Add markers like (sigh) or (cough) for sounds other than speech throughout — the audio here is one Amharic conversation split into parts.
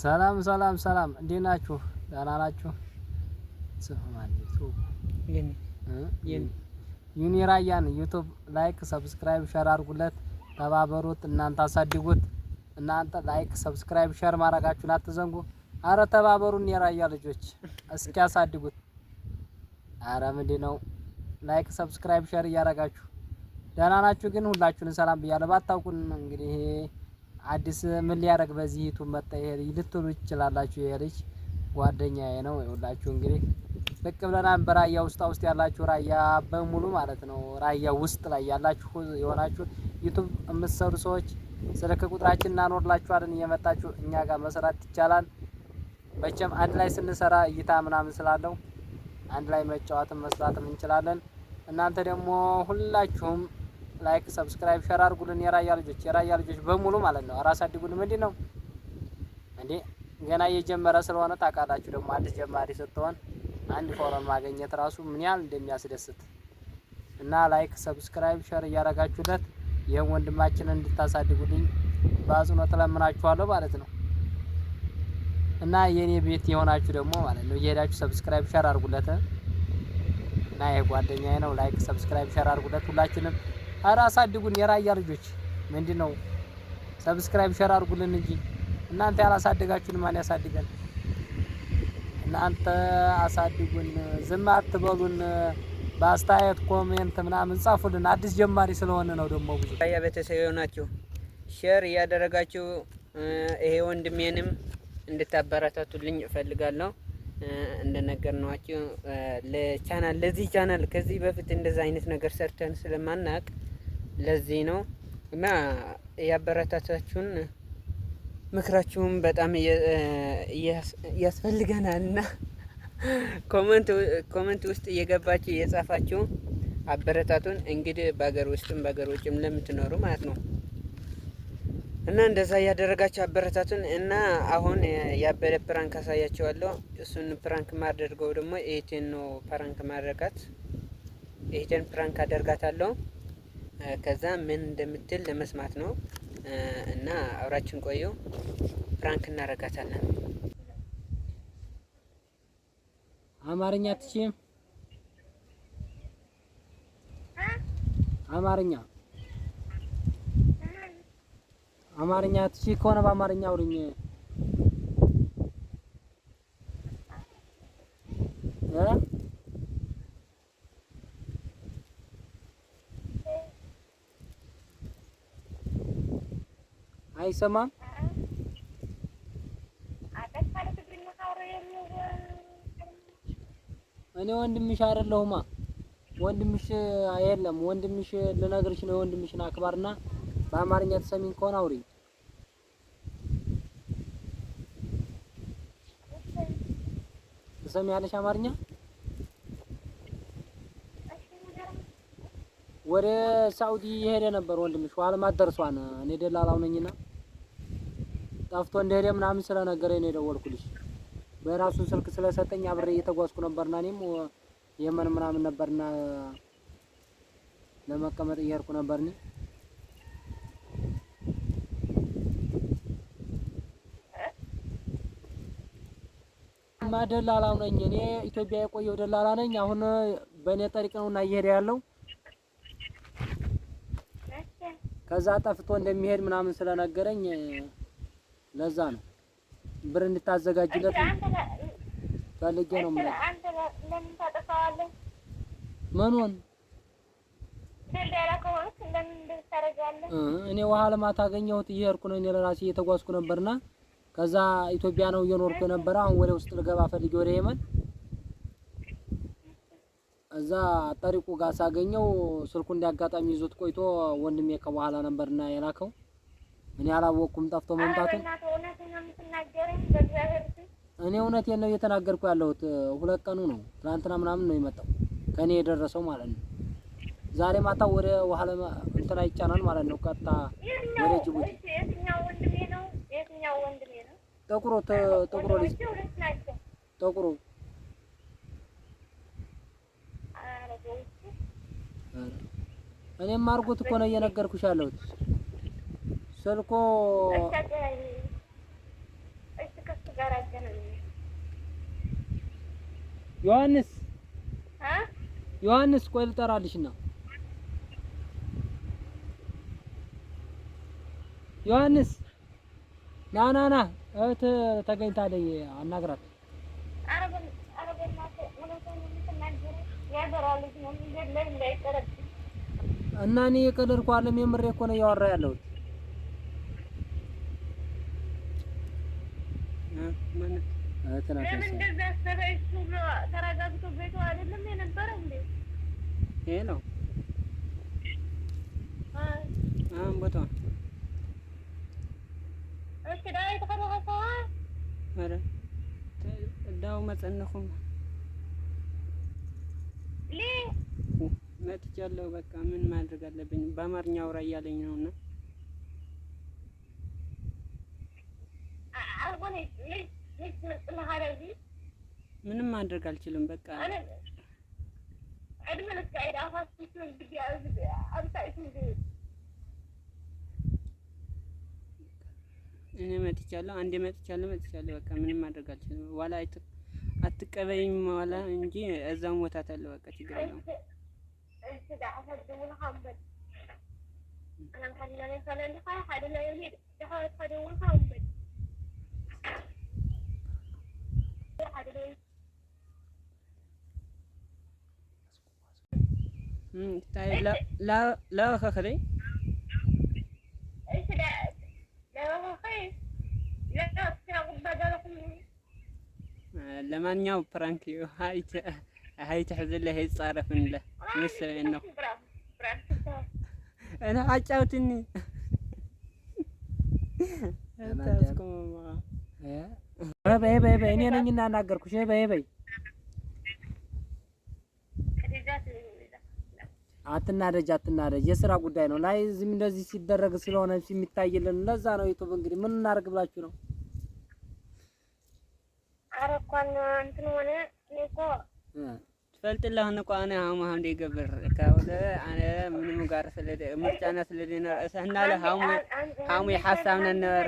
ሰላም ሰላም ሰላም እንዴት ናችሁ? ደህና ናችሁ? ዩኒ ራያን ዩቱብ ላይክ ሰብስክራይብ ሸር አድርጉለት፣ ተባበሩት፣ እናንተ አሳድጉት። እናንተ ላይክ ሰብስክራይብ ሸር ማድረጋችሁን አትዘንጉ። አረ ተባበሩን የራያ ልጆች እስኪ አሳድጉት። አረ ምንድ ነው ላይክ ሰብስክራይብ ሸር እያደረጋችሁ ደህና ናችሁ? ግን ሁላችሁን ሰላም ብያለሁ። ባታውቁን እንግዲህ አዲስ ምን ሊያደርግ በዚህ ዩቱብ መጣ ይሄ ልትሉ ይችላላችሁ። ይሄ ልጅ ጓደኛዬ ነው። ይኸውላችሁ እንግዲህ ልቅ ብለናል። በራያ ውስጣ ውስጥ ያላችሁ ራያ በሙሉ ማለት ነው ራያ ውስጥ ላይ ያላችሁ የሆናችሁ ዩቱብ የምትሰሩ ሰዎች ስልክ ቁጥራችን እናኖርላችኋለን። እየመጣችሁ እኛ ጋር መስራት ይቻላል። መቼም አንድ ላይ ስንሰራ እይታ ምናምን ስላለው አንድ ላይ መጫወትም መስራትም እንችላለን። እናንተ ደግሞ ሁላችሁም ላይክ፣ ሰብስክራይብ፣ ሸር አድርጉልን። የራያ ልጆች የራያ ልጆች በሙሉ ማለት ነው። አራስ አድጉልን። ምንድን ነው እንዴ ገና እየጀመረ ስለሆነ ታውቃላችሁ። ደግሞ አዲስ ጀማሪ ስትሆን አንድ ፎረም ማግኘት ራሱ ምን ያህል እንደሚያስደስት እና ላይክ፣ ሰብስክራይብ፣ ሸር እያደረጋችሁለት ይህም ወንድማችንን እንድታሳድጉልኝ በአጽንኦት እለምናችኋለሁ ማለት ነው። እና የኔ ቤት የሆናችሁ ደግሞ ማለት ነው እየሄዳችሁ ሰብስክራይብ ሸር አድርጉለት እና ይሄ ጓደኛዬ ነው። ላይክ ሰብስክራይብ ሸር አድርጉለት ሁላችንም ኧረ አሳድጉን የራያ ልጆች ምንድን ነው ሰብስክራይብ ሸር አድርጉልን እንጂ እናንተ ያላሳደጋችሁን ማን ያሳድገን? እናንተ አሳድጉን፣ ዝም አትበሉን። በአስተያየት ኮሜንት ምናምን ጻፉልን። አዲስ ጀማሪ ስለሆነ ነው ደግሞ ብዙ ያ ቤተሰብ ናችሁ ሼር እያደረጋችሁ ይሄ ወንድሜንም እንድታበረታቱልኝ እፈልጋለሁ። እንደነገርናችሁ ለቻናል ለዚህ ቻናል ከዚህ በፊት እንደዚህ አይነት ነገር ሰርተን ስለማናቅ ለዚህ ነው እና ያበረታታችሁን ምክራችሁን በጣም ያስፈልገናል እና (laughs) ኮመንት ውስጥ እየገባችሁ እየጻፋችሁ አበረታቱን። እንግዲህ በሀገር ውስጥም በሀገር ውጭም ለምትኖሩ ማለት ነው እና እንደዛ እያደረጋችሁ አበረታቱን እና አሁን ያበደ ፕራንክ አሳያቸዋለሁ። እሱን ፕራንክ ማደርገው ደግሞ ኤቴን ነው ፕራንክ ማድረጋት። ኤቴን ፕራንክ አደርጋታለሁ። ከዛ ምን እንደምትል ለመስማት ነው። እና አብራችን ቆዩ፣ ፍራንክ እናረጋታለን። አማርኛ አትችይም? አማርኛ አማርኛ አትችይ ከሆነ በአማርኛ አውሪኝ። አይሰማም። እኔ ወንድምሽ አይደለሁማ። ወንድምሽ የለም። ወንድምሽ ልነግርሽ ነው። ወንድምሽን አክባርና በአማርኛ ተሰሚን ከሆነ አውሪኝ። ትሰሚያለሽ አማርኛ? ወደ ሳውዲ የሄደ ነበር ወንድምሽ፣ ኋላ ማደርሷን እኔ ደላላው ነኝና ጠፍቶ እንደሄደ ምናምን ስለነገረኝ ነው የደወልኩልሽ። በራሱ ስልክ ስለሰጠኝ አብሬ እየተጓዝኩ ነበርና እኔም የመን ምናምን ነበርና ለመቀመጥ እየሄድኩ ነበር እኔ ደላላው ነኝ እኔ ኢትዮጵያ የቆየው ደላላ ነኝ። አሁን በእኔ ጠሪቅ ነው እና እየሄደ ያለው ከዛ ጠፍቶ እንደሚሄድ ምናምን ስለነገረኝ ለዛ ነው ብር እንድታዘጋጅለት ፈልጌ ነው የምልህ። ለምን ምኑን እኔ ውሃ ልማት አገኘሁት እየሄድኩ ነው። እኔ ለራሴ እየተጓዝኩ ነበርና ከዛ ኢትዮጵያ ነው እየኖርኩ ነበር አሁን ወደ ውስጥ ልገባ ፈልጌ ወደ የመን እዛ ጠሪቁ ጋር ሳገኘው ስልኩ እንዲያጋጣሚ ይዞት ቆይቶ ወንድሜ ከበኋላ ነበርና የላከው እኔ ያላወቅኩም ጠፍቶ መምጣቱን። እኔ እውነቴን ነው እየተናገርኩ ያለሁት። ሁለት ቀኑ ነው ትናንትና ምናምን ነው የመጣው ከእኔ የደረሰው ማለት ነው። ዛሬ ማታ ወደ ዋህለ እንትና ይጫናል ማለት ነው። ቀጥታ ወደ ጅቡቲ ጥቁሩ ጥቁሩ ልጅ ጥቁሩ እኔም አድርጎት እኮ ነው እየነገርኩሽ ያለሁት ስልኩ ዮሐንስ ዮሐንስ ቆይ ልጠራልሽ እና ዮሐንስ ና ና ና እህት ተገኝታለኝ አናግራት። እና እኔ የቀለድኩ አይደለም፣ የምሬ እኮ ነው እያወራ ያለሁት ለምን እንደዛ አሰበ? እሱ ተረጋግቶ ቤቱ አይደለም የነበረ እንዴ? ይሄ ነው አሁን እሺ ዳይ አረ ሊ መጥቻለሁ። በቃ ምን ማድረግ አለብኝ? በአማርኛ አውራ እያለኝ ነውና ምንም ማድረግ አልችልም። በቃ እኔ መጥቻለሁ፣ አንዴ መጥቻለሁ፣ መጥቻለሁ። በቃ ምንም ማድረግ አልችልም። ዋላ አትቀበይኝ ዋላ እንጂ እዛው ሞታታለሁ። በቃ ችግር የለውም። طيب لا لا لا خخري ايش لا لا خخري لا ለማንኛውም ፕራንክ ሀይት ሀይት ሕዝለህ ይጻረፍን ለ መሰለኝ ነው እና አጫውትኒ ታስቆም በይ በይ በይ እኔ ነኝ እናናገርኩሽ። በይ በይ አትናደጅ አትናደጅ፣ የስራ ጉዳይ ነው ላይ ዝም እንደዚህ ሲደረግ ስለሆነ የሚታይልን ለዛ ነው። ዩቱብ እንግዲህ ምን እናድርግ ብላችሁ ነው? ኧረ እንኳን እንትን ሆነ እኔ እኮ እኮ ሀሙ ሀምዴ ገብር ካውለ አነ ምንም ጋር ምርጫና ሀሙ ሀሙ ነበረ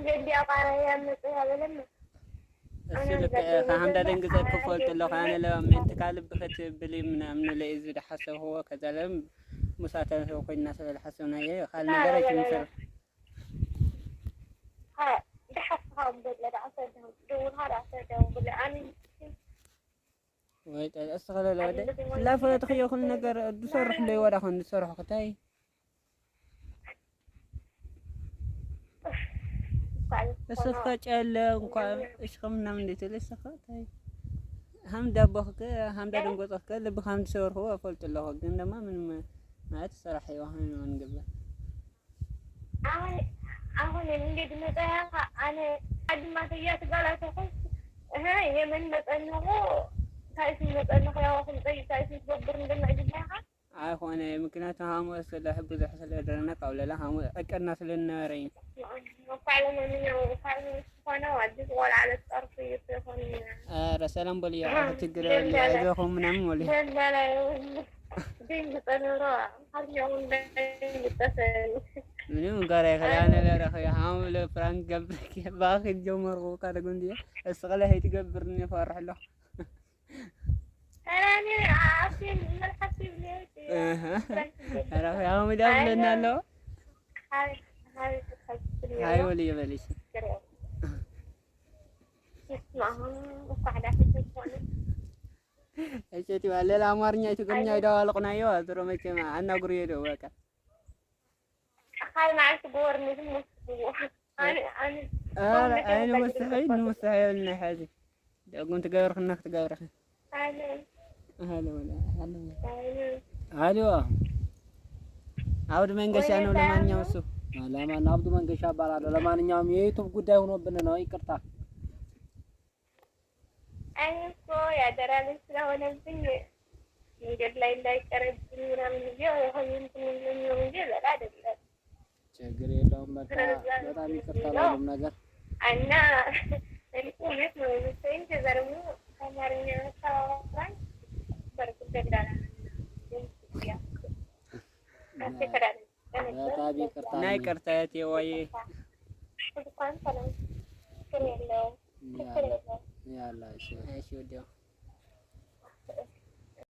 እሱ ልክ ካብ ግዘ ክፈልጡ ኣለኹ ኣነ ለምንቲ ካልእ ብክትብል ምናምን ለዩ ዝደሓሰብዎ ከዛ ለም ሙሳተሰብ ኮይና ስለ ዝሓሰብና እየ ካልእ ነገር ኣይትምስል ወይ እስኸለለ ወደ ላፈለትክዮ ኩሉ ነገር ዝሰርሕ ዶ ይወዳኹን ዝሰርሑ ክታይ እስከ ጨለ እንኳ እሽኸ ምናምን እንዴትል እስኸ ታይ ሀምዳ ቦኽከ ሀምዳ ደንጎፀኽከ ልብኻ ምትሰወርኹ ኣፈልጡ ኣለኹ ግን ድማ ምን ማለት ስራሕ ይዋህን ንግበር አሁን አሁን እንዴት መጣያ አነ አድማት እያትባላተኹ እህ የመን መጠንኹ ታይስ መጠንኹ ያዋኹም ጠይ ታይስ ትገብር እንደማዕድናኻ ኣይኮነ ምክንያቱ ሃሞ ስለሕቡ ዝሕ ስለደረና ቃውለላ ሃሞ ዕቀና ስለነበረ እዩ ኧረ ሰላም በል ያው ችግር የለም ምናምን ወል ምንም ጋር ያከላነ ለረኸ ያው ለፍራንክ ገብርክ ባኺል ጀመር ወቃደጉ እንዴ እስቀለ ሄት ገብርኒ ፈራህለሁ ኧረ ያው ምዳም ለናለው አይወል ይበልሽ እጨቲዋ ሌላ አማርኛ ትግርኛ ይደዋልቁና ይዋ ድሮ መቼም አናጉር ሄደው በቃ ሀይ ማለት ጎርነት አይን ሙስተሐይድ አውድ መንገሻ ነው ለማንኛውም እሱ ለማን አብዱ መንገሻ እባላለሁ። ለማንኛውም የዩቱብ ጉዳይ ሆኖብን ነው፣ ይቅርታ። እኔ እኮ ያደራ ልጅ ስለሆነብኝ መንገድ ላይ እንዳይቀርብኝ ምናምን ጊዜ የሆነ እንትን የሚለው እንጂ ሌላ አይደለም። ችግር የለውም። በቃ በጣም ይቅርታ ለሁሉም ነገር እና እኔ እውነት ነው የሚሰኝ ተዘርሙ ከአማርኛ ሰባባን በርግጥ ደግዳላ ናይ ቅርታ እህቴ ወይ ያላ